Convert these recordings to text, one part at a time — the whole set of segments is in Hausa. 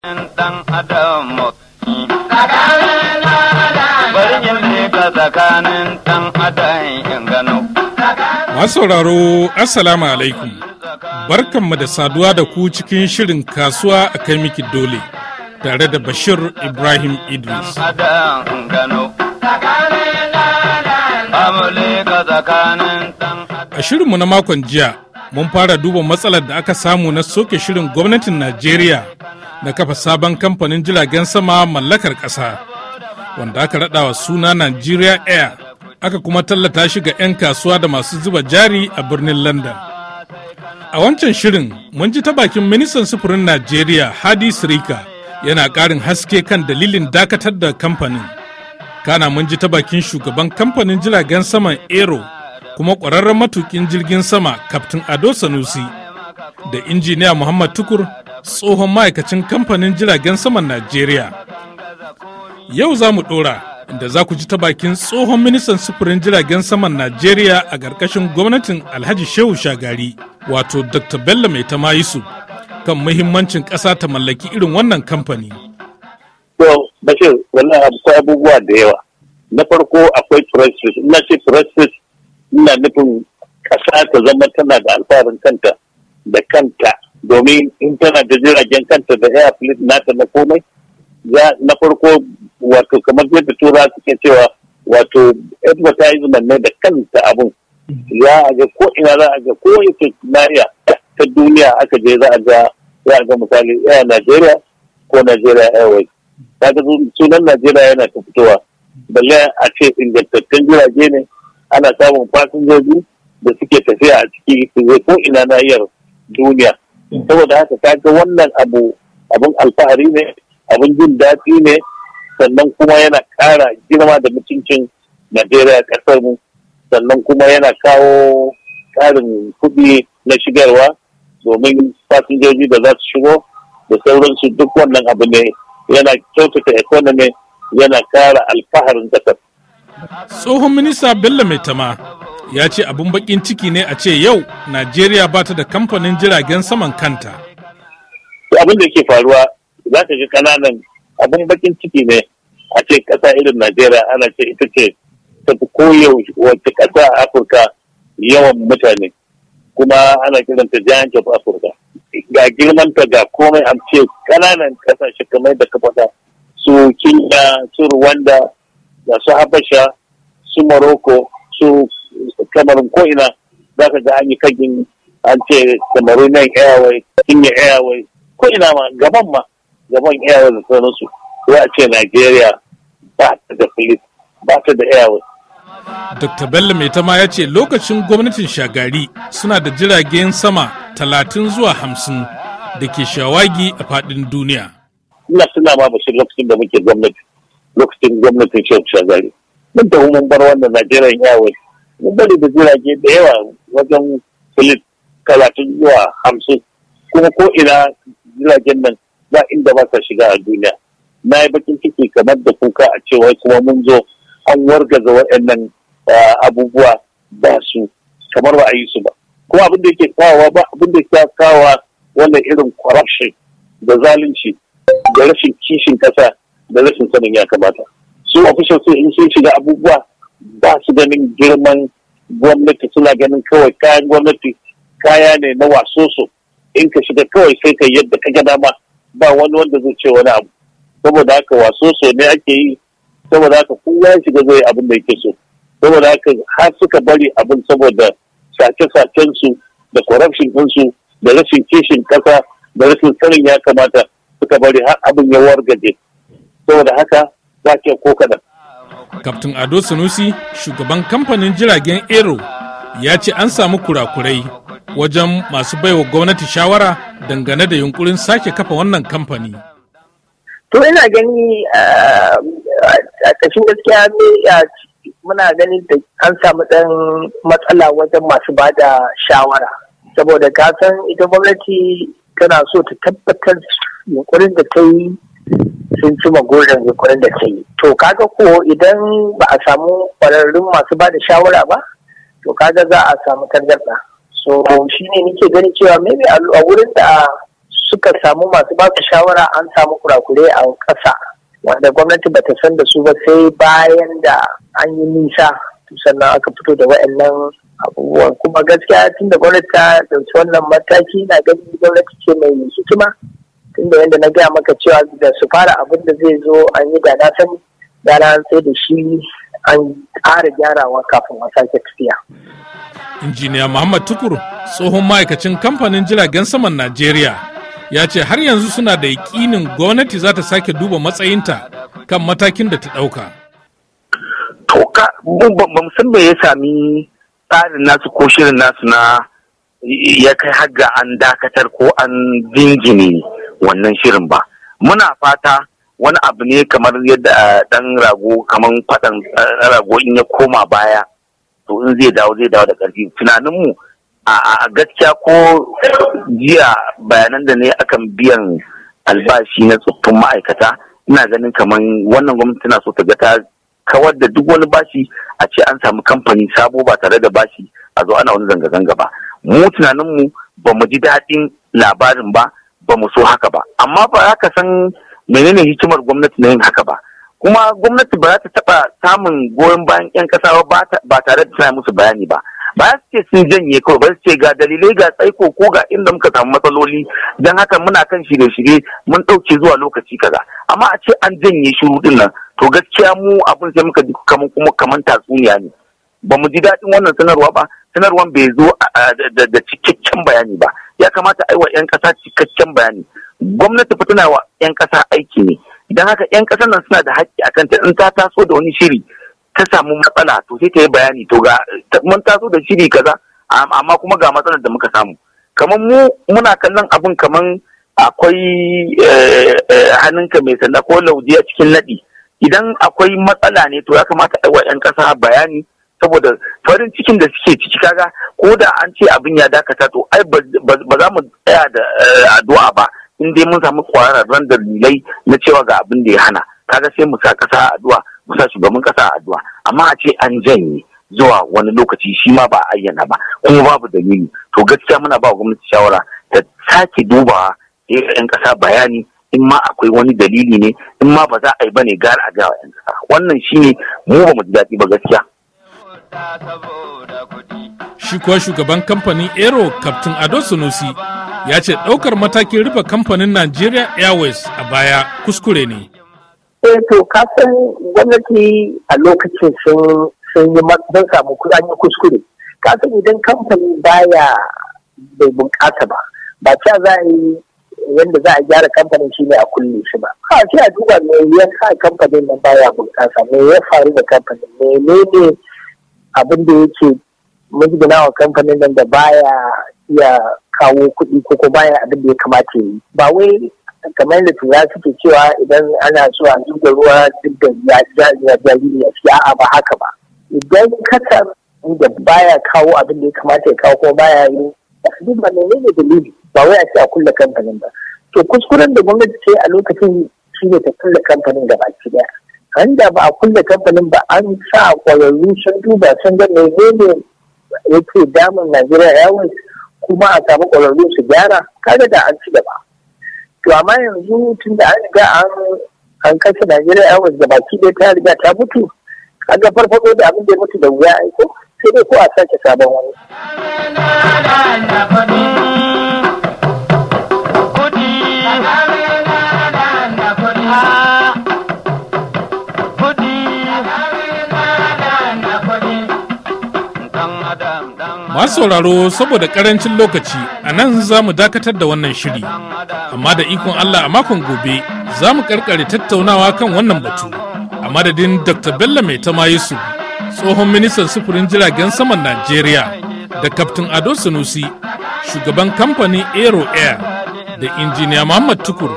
dan adam Bari sauraro, Assalamu alaikum. Barkanmu da saduwa da ku cikin shirin kasuwa a kai miki dole tare da Bashir Ibrahim Idris. A shirinmu na makon jiya, mun fara duba matsalar da aka samu na soke shirin gwamnatin Najeriya na kafa sabon kamfanin jiragen sama mallakar ƙasa wanda aka raɗa wa suna Nigeria Air aka kuma tallata shi ga 'yan kasuwa da masu zuba jari a birnin London. A wancan shirin mun ji ta bakin ministan sufurin Najeriya Hadi Sirika yana ƙarin haske kan dalilin dakatar da kamfanin. Kana mun ji ta bakin shugaban kamfanin jiragen saman Aero kuma ƙwararren matukin jirgin sama Kaftin Ado Sanusi da injiniya Muhammad Tukur tsohon ma'aikacin kamfanin jiragen saman Najeriya. Yau za mu ɗora inda za ku ji ta bakin tsohon ministan sufurin jiragen saman Najeriya a ƙarƙashin gwamnatin Alhaji Shehu Shagari, wato Dr. Bello Mai Tamayisu, kan muhimmancin ƙasa ta mallaki irin wannan kamfani. abubuwa da yawa. Na farko akwai ina nufin ƙasa ta zama tana da alfaharin kanta da kanta domin in tana da jiragen kanta da airfleet nata na komai ya na farko wato kamar yadda tura suke cewa wato advertisement ne da kanta abun ya a ga ko ina za a ga ko yake nariya ta duniya aka je za a ga za a ga misali air Nigeria ko Nigeria Airways kaga sunan nigeria yana ta fitowa balle a ce ingantattun jirage ne ana samun fasinjoji da suke tafiya a ciki su ko ina nahiyar duniya saboda haka ta ga wannan abu abin alfahari ne abin jin daɗi ne sannan kuma yana ƙara girma da mutuncin najeriya ƙasar mu sannan kuma yana kawo ƙarin kuɗi na shigarwa domin fasinjoji da za su shigo da sauransu duk wannan abu ne yana kyautata economy yana ƙara alfaharin ƙasar tsohon minista bello mai tama ya ce abin bakin ciki ne a ce yau najeriya ba ta da kamfanin jiragen saman kanta abin da ke faruwa za ka ji kananan abin bakin ciki ne a ce kasa irin najeriya ana ce ita ce ta fi koyaushe wata kasa a afirka yawan mutane kuma ana kiranta giant of africa ga girmanta ga komai an ce kananan kasashe kamar da kafata su kenya su rwanda da su habasha su morocco su kamarin ko'ina za ka ga an yi kagin an ce kamarin nan airway kenya airway ko'ina ma gaban ma gaban airway da sauransu za a ce nigeria ba ta da police ba ta da airway Dr. Bello Mai ma ya ce lokacin gwamnatin shagari suna da jiragen sama talatin zuwa hamsin da ke shawagi a fadin duniya. Ina suna ma bashi lokacin da muke gwamnati, lokacin gwamnatin shagari. Mun da mun bar wanda Najeriya yawai mun bari da jirage da yawa wajen filin karatun zuwa hamsin kuma ko ina jiragen nan ba inda ba ka shiga a duniya na yi bakin ciki kamar da kuka a cewa kuma mun zo an wargaza waɗannan ah, abubuwa ba su kamar ba a yi su ba kuma abin da yake kawowa ba abin da ya kawowa wannan irin corruption da zalunci da rashin kishin kasa da rashin sanin ya kamata su official in sun shiga abubuwa ba su ganin girman gwamnati suna ganin kawai kayan gwamnati kaya ne na wasoso in ka shiga kawai sai ka yadda ka gada ma ba wani wanda zai ce wani abu saboda haka wasoso ne ake yi saboda haka kowa ya shiga zai abin da yake so saboda haka har suka bari abin saboda sace-sacen su da corruption su da rashin kishin kasa da rashin sanin ya kamata suka bari har abin ya wargaje saboda haka za ke ko kaɗan Kaftin Ado Sanusi, shugaban kamfanin jiragen Aero, ya ce an samu kurakurai wajen masu baiwa gwamnati shawara dangane da yunkurin sake kafa wannan kamfani. To ina gani eh, a ƙashin gaskiya muna gani da an samu ɗan matsala wajen masu ba da shawara. Saboda kasan ita gwamnati tana so ta tabbatar yunkurin da ta yi sun ci magoran yunkurin da ta yi to kaga ko idan ba a samu kwararrun masu ba da shawara ba to kaga za a samu tangarɗa so shi ne nike ganin cewa maybe a wurin da suka samu masu ba su shawara an samu kurakure a ƙasa wanda gwamnati ba ta san da su ba sai bayan da an yi nisa sannan aka fito da waɗannan abubuwan kuma gaskiya tun da gwamnati ta ɗauki wannan mataki na gani gwamnati ce mai hikima tunda yadda na gaya maka cewa da su fara abin da zai zo an yi da na sani da an sai da shi an ƙara gyarawa kafin a sake tafiya. injiniya muhammad tukur tsohon ma'aikacin kamfanin jiragen saman najeriya ya ce har yanzu suna da yakinin gwamnati za ta sake duba matsayinta kan matakin da ta ɗauka. to ka ban san me ya sami tsarin nasu ko shirin nasu na ya kai haga an dakatar ko an jinjini wannan shirin ba muna fata wani abu ne kamar yadda dan eh, rago kamar kwaɗan rago in ya koma baya to in zai dawo zai dawo da ƙarfi tunaninmu a gaskiya ko jiya bayanan da ne akan biyan albashi na tsoffin ma'aikata ina ganin kamar wannan gwamnati tana so ta ga ta kawar da duk wani bashi a ce an samu kamfani sabo ba tare da bashi a zo ana wani zanga-zanga ba mu tunaninmu ba mu ji daɗin labarin ba ba mu so haka ba amma ba za ka san menene hikimar gwamnati na yin haka ba kuma gwamnati ba za ta taɓa samun goyon bayan 'yan kasa ba tare da tana musu bayani ba ba su ce sun janye kawai ba su ce ga dalilai ga tsaiko ko ga inda muka samu matsaloli don haka muna kan shirye-shirye mun ɗauke zuwa lokaci kaza amma a ce an janye shuru din nan to gaskiya mu abin sai muka ji kamar kuma kamar tatsuniya ne ba mu ji daɗin wannan sanarwa ba sanarwan bai zo da cikakken bayani ba ya kamata a yi wa 'yan ƙasa cikakken bayani gwamnati fa tana wa 'yan ƙasa aiki ne don haka 'yan ƙasar nan suna da haƙƙi akan ta in ta taso da wani shiri ta samu matsala to sai ta yi bayani to ga mun taso da shiri kaza amma kuma ga matsalar da muka samu kamar mu muna kallon abin kamar akwai eh, eh, hannunka mai sanda ko lauje a cikin naɗi idan akwai matsala ne to ya kamata a yi wa 'yan ƙasa bayani saboda farin cikin da suke ciki kaga ko da an ce abin ya dakata to ai ba za mu tsaya da eh, addu'a ba in dai mun samu kwararren dalilai na cewa ga abin da ya hana kaga sai mu sa kasa addu'a mu sa shugaban kasa addu'a amma a ce an janye zuwa wani lokaci shi ma ba a ayyana ba kuma babu dalili to gaskiya muna ba gwamnati shawara ta sake dubawa yan eh, kasa bayani in ma akwai wani dalili ne in ma ba za a yi bane gara a gawa yan kasa wannan shine mu ba mu ji daɗi ba gaskiya Shi kuwa shugaban kamfanin Aero Captain Ado Sunusi ya ce ɗaukar matakin rufe kamfanin Nigeria Airways a baya kuskure ne. Eh to kasan gwamnati a lokacin sun sun yi don samu an yi kuskure. Kasan idan kamfani baya bai bunƙasa ba, ba ca za a yi yadda za a gyara kamfanin shi ne a kulle shi ba. Ha sai a duba me ya sa kamfanin nan baya bunƙasa, me ya faru da kamfanin, menene ne abin da yake mazgina wa kamfanin nan da baya iya kawo kuɗi ko ko baya abin da ya kamata yi ba wai kamar da tura suke cewa idan ana so a zuba ruwa duk da jariri a ciki a'a ba haka ba idan kasar da baya kawo abin da ya kamata ya kawo ko baya yi duk ba ne ne dalili ba wai a ce a kulle kamfanin ba to kuskuren da gwamnati ce a lokacin shine ta kulle kamfanin da baki daya Handa ba a kulle kamfanin ba an sa kwararru sun duba sun ga ya yake damun Najeriya Airways kuma a samu kwararru su gyara kaga da an ci gaba to amma yanzu tun da an ga an an kashe Najeriya Airways da baki ɗaya ta riga ta mutu a ga farfaɗo da abin da ya mutu da wuya aiko sai dai ko a sake sabon wani. Masu sauraro saboda karancin lokaci a nan za mu dakatar da wannan shiri, amma da ikon Allah a makon gobe za mu karkare tattaunawa kan wannan batu. A madadin Dr. Bello Mai Tama Yusuf, tsohon ministan sufurin jiragen saman Najeriya, da Kaftin Ado Sanusi, shugaban kamfanin Aero Air, da injiniya Muhammad Tukur,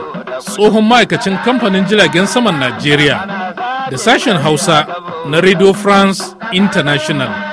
tsohon ma'aikacin kamfanin jiragen saman Najeriya, da sashen Hausa na Radio France International.